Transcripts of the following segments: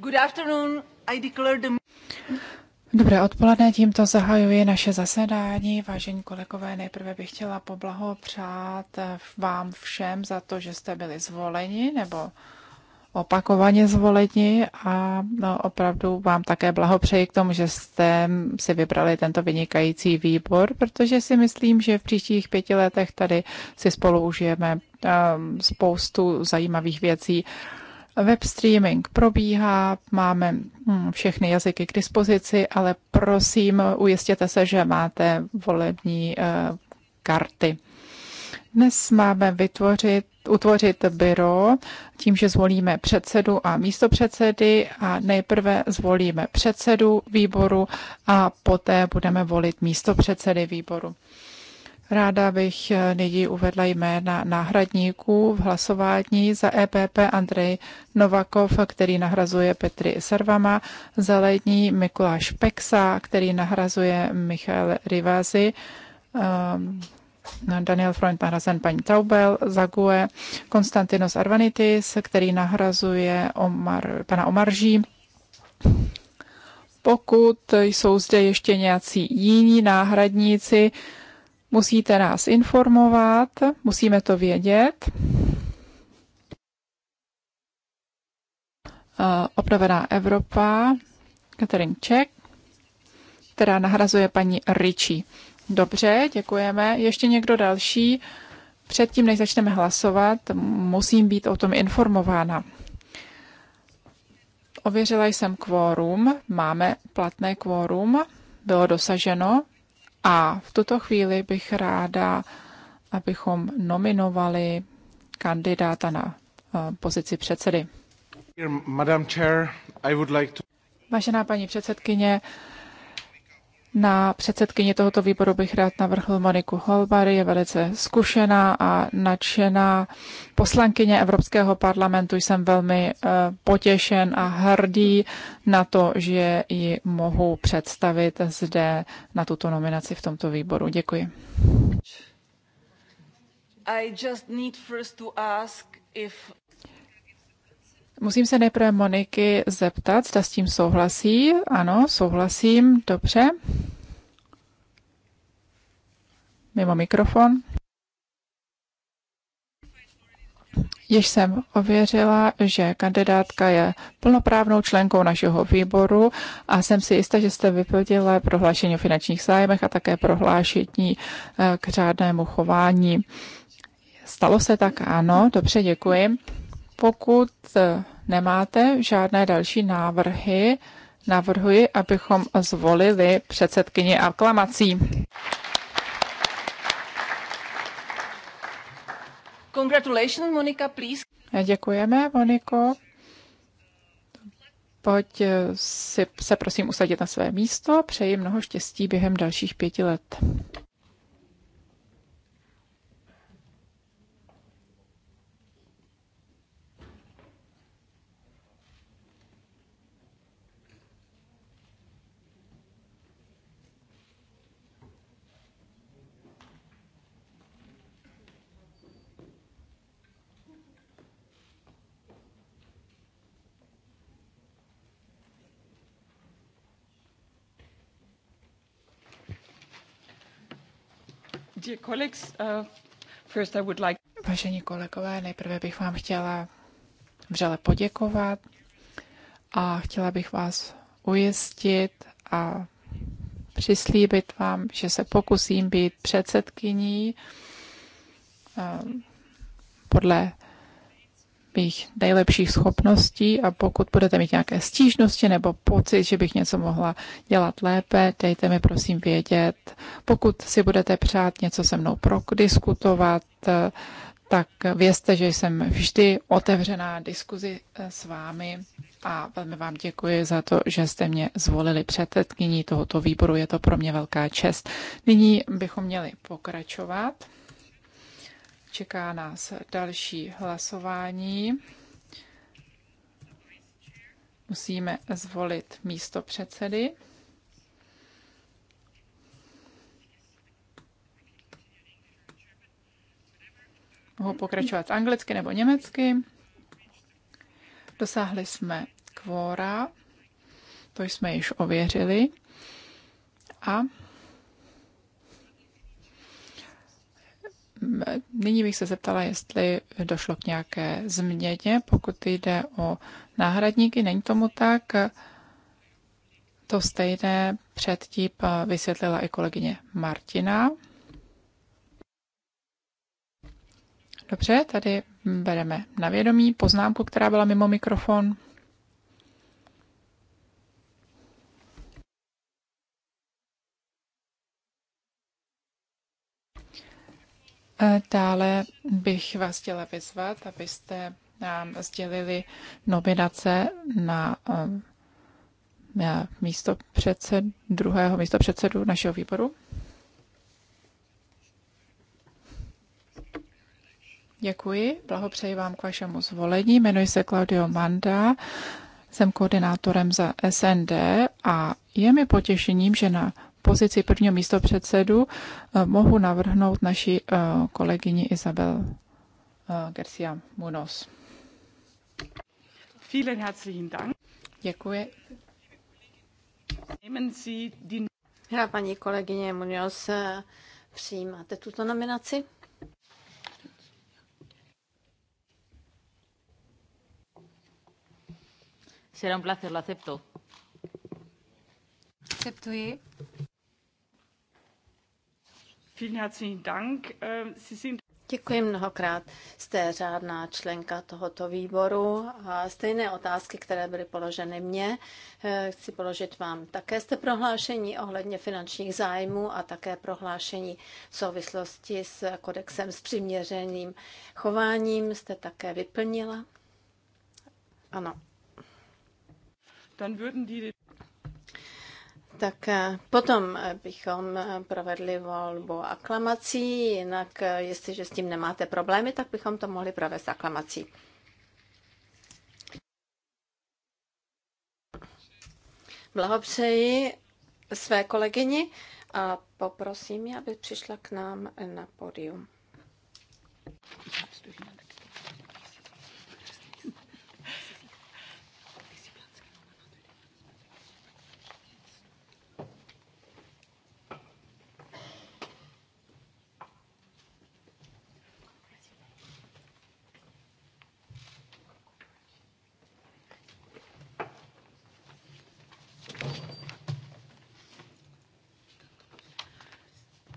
Good afternoon. I declare the... Dobré odpoledne, tímto zahajuji naše zasedání. Vážení kolegové, nejprve bych chtěla poblahopřát vám všem za to, že jste byli zvoleni nebo opakovaně zvoleni a no, opravdu vám také blahopřeji k tomu, že jste si vybrali tento vynikající výbor, protože si myslím, že v příštích pěti letech tady si spolu užijeme um, spoustu zajímavých věcí. Uh, Web streaming probíhá, máme hm, všechny jazyky k dispozici, ale prosím, ujistěte se, že máte volební eh, karty. Dnes máme vytvořit, utvořit byro tím, že zvolíme předsedu a místopředsedy a nejprve zvolíme předsedu výboru a poté budeme volit místopředsedy výboru. Ráda bych eh, nyní uvedla jména náhradníků v hlasování za EPP Andrej Novakov, který nahrazuje Petry Sarvama, Zelení Mikuláš Peksa, který nahrazuje Michal Rivázy, ehm, Daniel Freund nahrazen paní Taubel, Zague, Konstantinos Arvanitis, který nahrazuje Omar, pana Omarží, pokud jsou zde ještě nějací jiní náhradníci, Musíte nás informovat, musíme to vědět. Obnovená Evropa, Katerin Ček, která nahrazuje paní Ričí. Dobře, děkujeme. Ještě někdo další? Předtím, než začneme hlasovat, musím být o tom informována. Ověřila jsem kvórum, máme platné kvórum, bylo dosaženo. A v tuto chvíli bych ráda, abychom nominovali kandidáta na eh, pozici předsedy. Madam Chair, I would like to... Vážená paní předsedkyně, na předsedkyni tohoto výboru bych rád navrhl Moniku Holbary, je velice zkušená a nadšená poslankyně Evropského parlamentu. Jsem velmi eh, potěšen a hrdý na to, že ji mohu představit zde na tuto nominaci v tomto výboru. Děkuji. I just need first to ask if Musím se nejprve Moniky zeptat, zda s tím souhlasí. Ano, souhlasím, dobře. Mimo mikrofon. Již jsem ověřila, že kandidátka je plnoprávnou členkou našeho výboru a jsem si jistá, že jste vyplodila prohlášení o finančních zájmech a také prohlášení eh, k řádnému chování. Stalo se tak, ano, dobře, děkuji. Pokud eh, nemáte žádné další návrhy, navrhuji, abychom zvolili předsedkyni aklamací. Congratulations, Monika, please. Eh, děkujeme, Moniko. Pojď eh, si se prosím usadit na své místo. Přeji mnoho štěstí během dalších pěti let. Uh, Vážení kolegové, nejprve bych vám chtěla vřele poděkovat a chtěla bych vás ujistit a přislíbit vám, že se pokusím být předsedkyní um, podle svých nejlepších schopností a pokud budete mít nějaké stížnosti nebo pocit, že bych něco mohla dělat lépe, dejte mi prosím vědět. Pokud si budete přát něco se mnou prodiskutovat, tak vězte, že jsem vždy otevřená diskuzi eh, s vámi a velmi vám děkuji za to, že jste mě zvolili předsedkyní tohoto výboru. Je to pro mě velká čest. Nyní bychom měli pokračovat. Čeká nás další hlasování. Musíme zvolit místo předsedy. Mohu pokračovat anglicky nebo německy. Dosáhli jsme kvóra, to jsme již ověřili. A nyní bych se zeptala, jestli došlo k nějaké změně, pokud jde o náhradníky. Není tomu tak. To stejné předtím vysvětlila i kolegyně Martina. Dobře, tady bereme na vědomí poznámku, která byla mimo mikrofon. E, dále bych vás chtěla vyzvat, abyste nám sdělili nominace na e, místo předsed, druhého místo předsedu našeho výboru. Děkuji, blahopřeji vám k vašemu zvolení. Jmenuji se Claudio Manda, jsem koordinátorem za SND a je mi potěšením, že na pozici prvního místopředsedu eh, mohu navrhnout naší eh, kolegyni Isabel eh, Garcia Munoz. Vielen herzlichen Dank. Děkuji. Hra paní kolegyně Munoz, přijímáte tuto nominaci? Será un placer, lo acepto. Akceptuji. Ähm, Děkuji mnohokrát. Jste řádná členka tohoto výboru a stejné otázky, které byly položeny mně, eh, chci položit vám. Také jste prohlášení ohledně finančních zájmů a také prohlášení v souvislosti s kodexem s přiměřeným chováním jste také vyplnila? Ano tak eh, potom eh, bychom eh, provedli volbu aklamací, jinak jestliže s tím nemáte problémy, tak bychom to mohli provést aklamací. Blahopřeji své kolegyni a poprosím ji, aby přišla k nám na podium.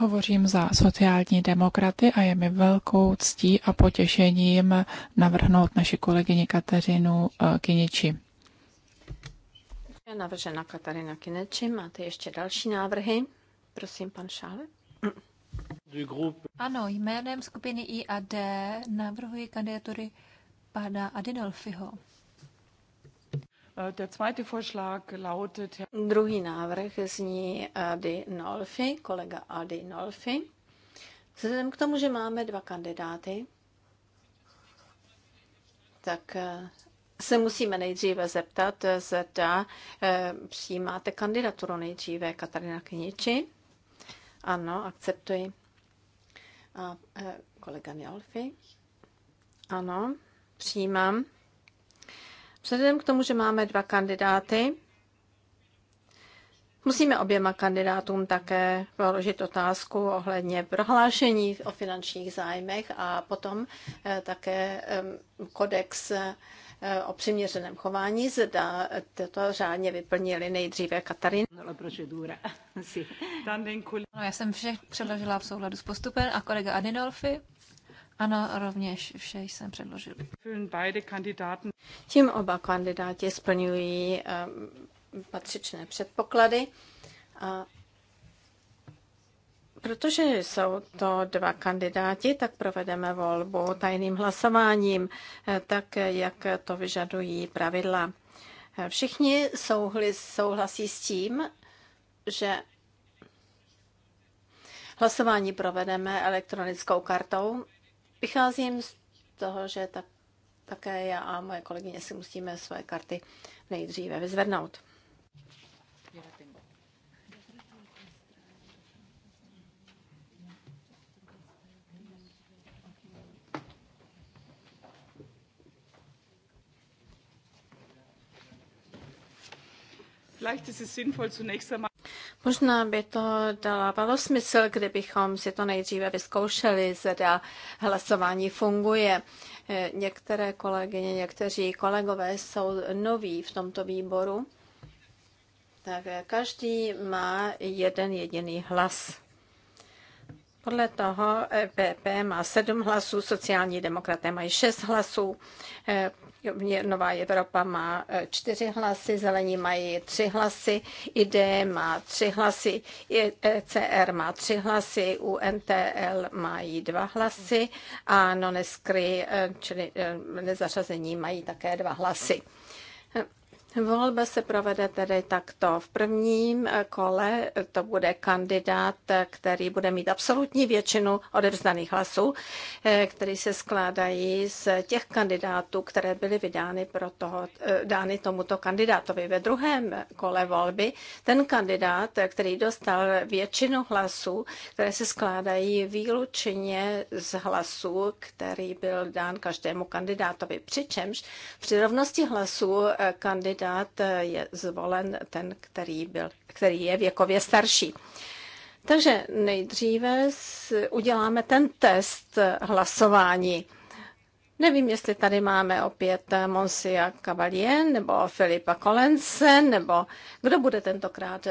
Hovořím za sociální demokraty a je mi velkou ctí a potěšením navrhnout naši kolegyni Kateřinu eh, Kiniči. Je navržena Katarina Kineči. Máte ještě další návrhy? Prosím, pan Šále. Ano, jménem skupiny IAD navrhuji kandidatury pana Adinolfiho. Äh, Druhý návrh zní äh, Adi Nolfi, kolega Adi Nolfi. Vzhledem k tomu, že máme dva kandidáty, tak äh, se musíme nejdříve zeptat, zda přijímáte kandidaturu nejdříve Katarina Kniči. Ano, akceptuji. A kolega Nolfi. Ano, přijímám. Vzhledem k tomu, že máme dva kandidáty, musíme oběma kandidátům také položit otázku ohledně prohlášení o finančních zájmech a potom eh, také kodex eh, o přiměřeném chování, zda toto řádně vyplnili nejdříve Katarín. No, já jsem vše předložila v souladu s postupem a kolega Adinolfi. Ano, rovněž vše jsem předložil. Tím oba kandidáti splňují eh, patřičné předpoklady. A protože jsou to dva kandidáti, tak provedeme volbu tajným hlasováním, eh, tak jak to vyžadují pravidla. Eh, všichni souhlasí s tím, že hlasování provedeme elektronickou kartou Vycházím z toho, že tak, také já a moje kolegyně si musíme své karty nejdříve vyzvednout. Vielleicht ist es sinnvoll, zunächst einmal Možná by to dávalo smysl, kdybychom si to nejdříve vyzkoušeli, zda hlasování funguje. E, některé kolegyně, někteří kolegové jsou noví v tomto výboru, tak každý má jeden jediný hlas. Podle toho PP e má sedm hlasů, sociální demokraté mají šest hlasů, e, Nová Evropa má e, čtyři hlasy, Zelení mají tři hlasy, ID má tři hlasy, ECR má tři hlasy, UNTL mají dva hlasy a Noneskry, čili nezařazení, mají také dva hlasy. Volba se provede tedy takto. V prvním eh, kole eh, to bude kandidát, eh, který bude mít absolutní většinu odevzdaných hlasů, který se skládají z těch kandidátů, které byly vydány pro toho, dány tomuto kandidátovi. Ve druhém kole volby ten kandidát, který dostal většinu hlasů, které se skládají výlučně z hlasů, který byl dán každému kandidátovi. Přičemž při rovnosti hlasů kandidát kandidát je zvolen ten, který, byl, který je věkově starší. Takže nejdříve uděláme ten test hlasování. Nevím, jestli tady máme opět Monsia Cavalier nebo Filipa Kolence, nebo kdo bude tentokrát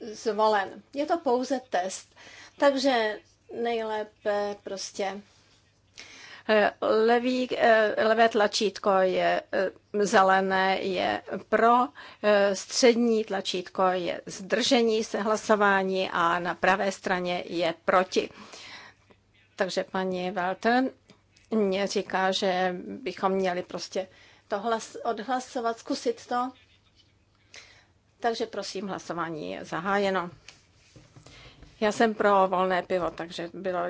zvolen. Je to pouze test, takže nejlépe prostě Levý, eh, levé tlačítko je eh, zelené, je pro, eh, střední tlačítko je zdržení se hlasování a na pravé straně je proti. Takže paní Walter mě říká, že bychom měli prostě to hlas, odhlasovat, zkusit to. Takže prosím, hlasování je zahájeno. Já jsem pro volné pivo, takže bylo,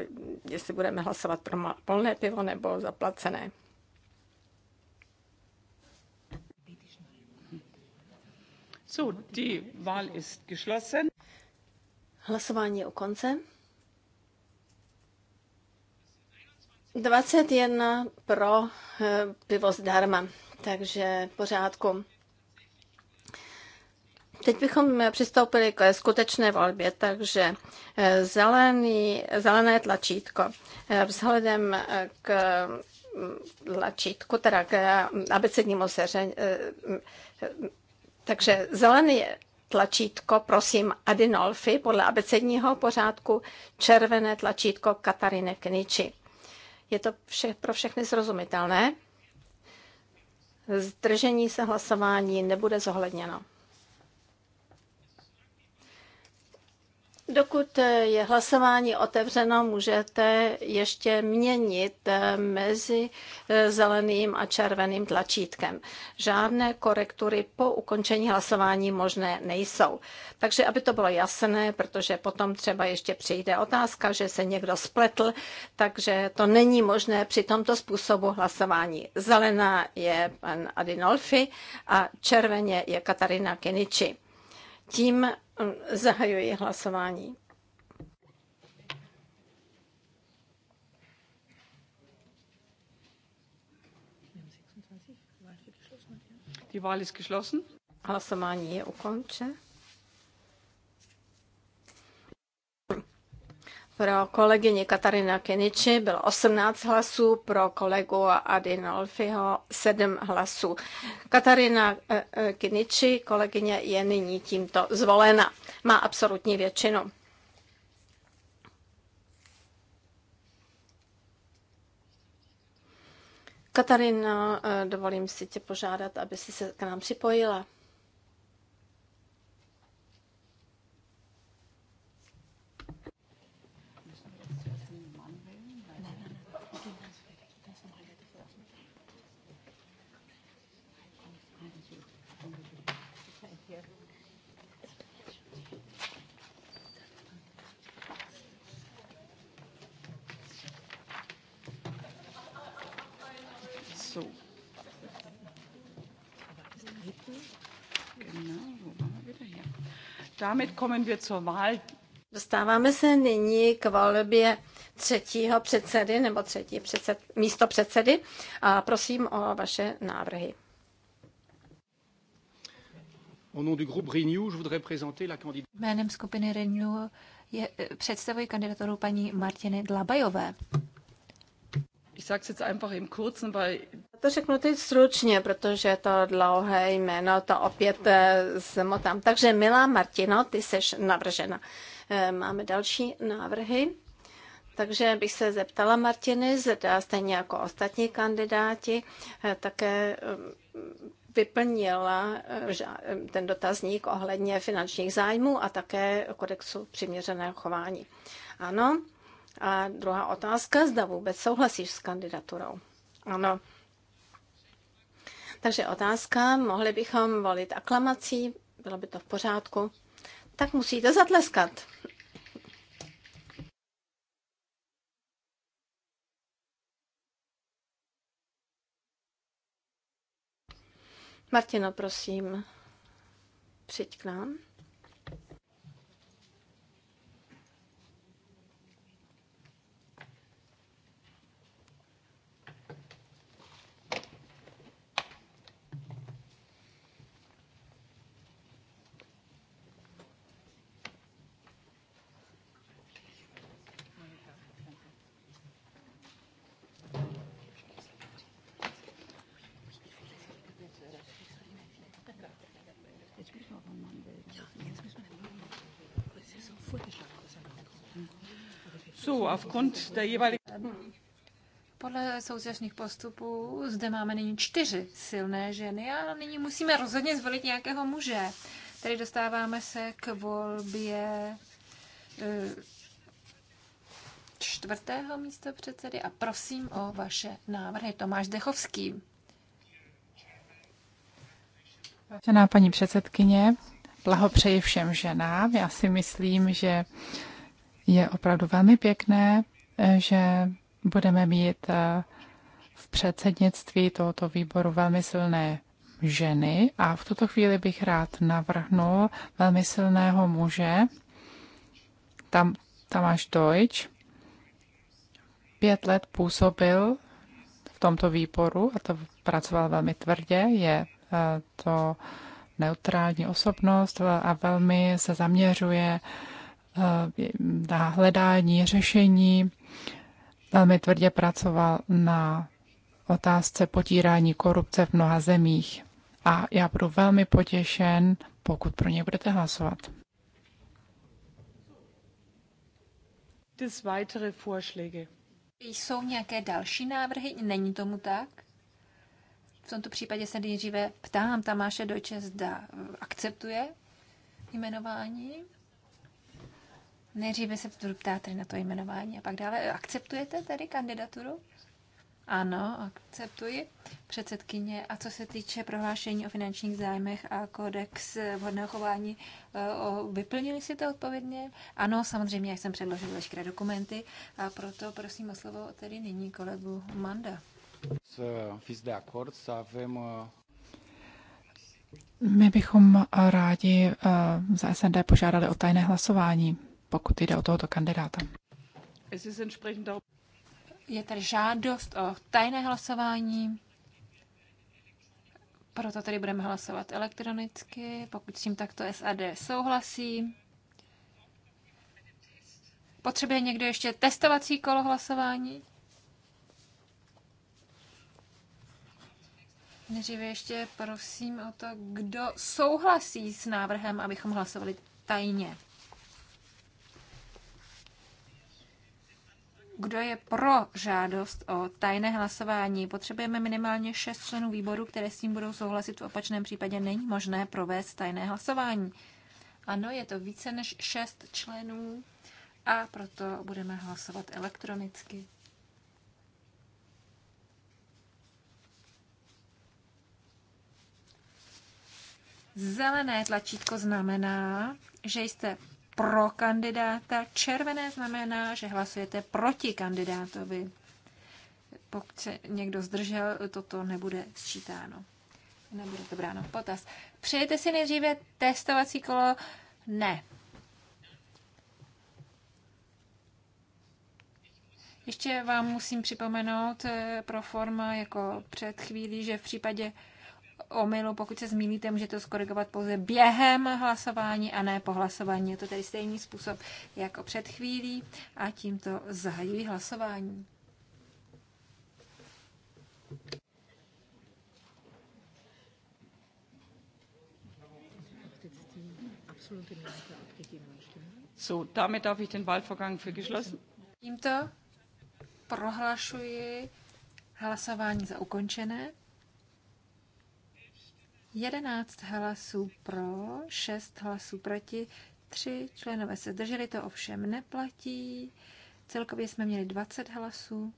jestli budeme hlasovat pro volné pivo nebo zaplacené. So, die Wahl ist geschlossen. Hlasování je u konce. 21 pro eh, pivo zdarma, takže pořádku. Teď bychom eh, přistoupili k skutečné volbě, takže eh, zelený, zelené tlačítko. Eh, vzhledem k mm, tlačítku, teda k abecednímu seře, mm, takže zelený tlačítko, prosím, Adinolfi podle abecedního pořádku, červené tlačítko Katarine Kniči. Je to vše, pro všechny srozumitelné? Zdržení se hlasování nebude zohledněno. Dokud eh, je hlasování otevřeno, můžete ještě měnit eh, mezi eh, zeleným a červeným tlačítkem. Žádné korektury po ukončení hlasování možné nejsou. Takže aby to bylo jasné, protože potom třeba ještě přijde otázka, že se někdo spletl, takže to není možné při tomto způsobu hlasování. Zelená je pan Adinolfi a červeně je Katarina Kiniči. Tím mm, zahajuji hlasování. Die Wahl ist geschlossen. Hlasování je ukončeno. Pro kolegyni Katarina Keniči bylo 18 hlasů, pro kolegu Adinolfiho 7 hlasů. Katarina eh, eh, Keniči, kolegyně, je nyní tímto zvolena. Má absolutní většinu. Katarina, eh, dovolím si tě požádat, aby si se k nám připojila. Dostáváme se nyní k volbě třetího předsedy nebo třetí předsed, místo předsedy a prosím o vaše návrhy. Jménem skupiny Renew je, eh, představuji kandidaturu paní Martiny Dlabajové. Ich sage es jetzt einfach im Kurzen, weil to řeknu teď stručně, protože to dlouhé jméno to opět eh, zmotám. Takže milá Martino, ty jsi navržena. Eh, máme další návrhy. Takže bych se zeptala Martiny, zda stejně jako ostatní kandidáti eh, také vyplnila ten dotazník ohledně finančních zájmů a také kodexu přiměřeného chování. Ano. A druhá otázka, zda vůbec souhlasíš s kandidaturou. Ano. Takže otázka, mohli bychom volit aklamací, bylo by to v pořádku, tak musíte zatleskat. Martino, prosím, přijď k nám. jetzt müssen wir Ja, jetzt müssen wir So, aufgrund der jeweiligen... Podle současných postupů zde máme nyní čtyři silné ženy a nyní musíme rozhodně zvolit nějakého muže. Tady dostáváme se k volbě eh, čtvrtého místo předsedy a prosím o vaše návrhy. Tomáš Dechovský. Vážená paní předsedkyně, blahopřeji všem ženám. Já si myslím, že je opravdu velmi pěkné, že budeme mít eh, v předsednictví tohoto výboru velmi silné ženy a v tuto chvíli bych rád navrhnul velmi silného muže, tam, Tamáš Deutsch, pět let působil v tomto výboru a to pracoval velmi tvrdě, je Eh, to neutrální osobnost a velmi se zaměřuje eh, na hledání řešení. Velmi tvrdě pracoval na otázce potírání korupce v mnoha zemích. A já budu velmi potěšen, pokud pro ně budete hlasovat. Jsou nějaké další návrhy? Není tomu tak? V tomto případě se nejdříve ptám Tamáše Dojče, zda eh, akceptuje jmenování. Nejdříve se budu ptát tedy na to jmenování a pak dále. Akceptujete tedy kandidaturu? Ano, akceptuji. Předsedkyně, a co se týče prohlášení o finančních zájmech a kodex vhodného chování, eh, vyplnili si to odpovědně? Ano, samozřejmě, jak jsem předložil veškeré dokumenty, a proto prosím o slovo tedy nyní kolegu Manda. Să fiți de acord să avem uh, my bychom uh, rádi uh, za SND požádali o tajné hlasování, pokud jde o tohoto kandidáta. Je tady žádost o tajné hlasování, proto tady budeme hlasovat elektronicky, pokud s tím takto SAD souhlasí. Potřebuje někdo ještě testovací kolo hlasování? Nejdříve ještě prosím o to, kdo souhlasí s návrhem, abychom hlasovali tajně. Kdo je pro žádost o tajné hlasování? Potřebujeme minimálně šest členů výboru, které s tím budou souhlasit. V opačném případě není možné provést tajné hlasování. Ano, je to více než šest členů a proto budeme hlasovat elektronicky. Zelené tlačítko znamená, že jste pro kandidáta, červené znamená, že hlasujete proti kandidátovi. Pokud se někdo zdržel, toto nebude sčítáno. Nebude to bráno v potaz. Přejete si nejdříve testovací kolo? Ne. Ještě vám musím připomenout eh, pro forma jako před chvílí, že v případě omylu, pokud se zmíníte, můžete to skorigovat pouze během hlasování a ne po hlasování. Je to tedy stejný způsob jako před chvílí a tímto zahajuji hlasování. So, damit darf ich den Wahlvorgang für geschlossen. Tímto prohlašuji hlasování za ukončené. 11 hlasů pro, 6 hlasů proti, 3 členové se zdrželi, to ovšem neplatí. Celkově jsme měli 20 hlasů.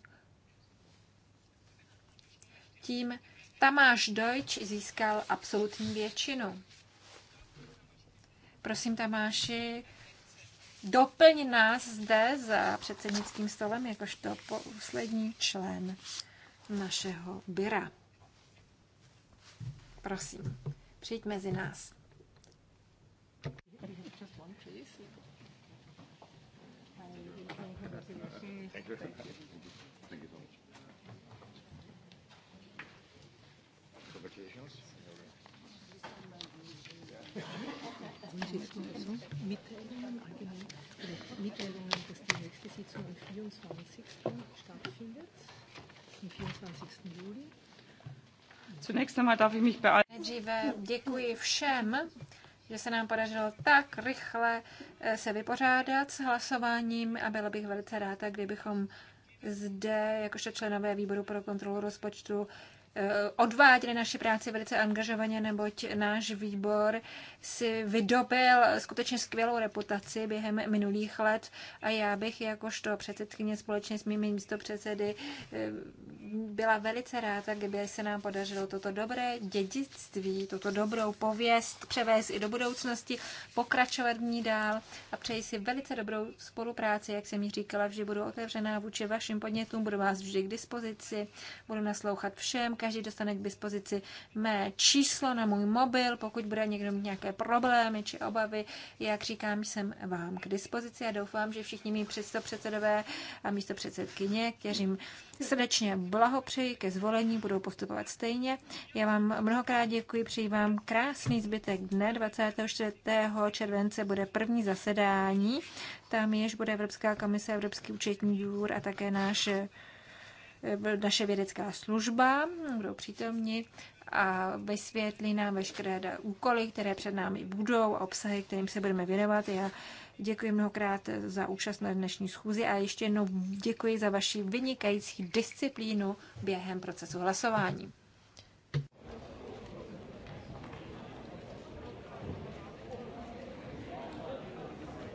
Tím Tamáš Deutsch získal absolutní většinu. Prosím, Tamáši, doplň nás zde za předsednickým stolem jakožto poslední člen našeho byra. Prosím, přijď mezi nás. Thank you. Mitteilungen, dass die nächste Sitzung am 24. stattfindet, am 24. Juli. Nejdříve děkuji všem, že se nám podařilo tak rychle eh, se vypořádat s hlasováním a byla bych velice ráda, kdybychom zde, jakožto členové výboru pro kontrolu rozpočtu, Eh, odváděli naši práci velice angažovaně, neboť náš výbor si vydobil skutečně skvělou reputaci během minulých let a já bych jakožto předsedkyně společně s mými místopředsedy eh, byla velice ráda, kdyby se nám podařilo toto dobré dědictví, toto dobrou pověst převést i do budoucnosti, pokračovat v ní dál a přeji si velice dobrou spolupráci, jak jsem mi říkala, vždy budu otevřená vůči vašim podnětům, budu vás vždy k dispozici, budu naslouchat všem, každý dostane k dispozici mé číslo na můj mobil, pokud bude někdo mít nějaké problémy či obavy, jak říkám, jsem vám k dispozici a doufám, že všichni mý předsedové a místo předsedkyně, kterým srdečně blahopřeji ke zvolení, budou postupovat stejně. Já vám mnohokrát děkuji, přeji vám krásný zbytek dne. 24. července bude první zasedání, tam jež bude Evropská komise, Evropský účetní důr a také náš Eh, naše vědecká služba, budou přítomni a vysvětlí nám veškeré úkoly, které před námi budou a obsahy, kterým se budeme věnovat. Já děkuji mnohokrát za účast na dnešní schůzi a ještě jednou děkuji za vaši vynikající disciplínu během procesu hlasování.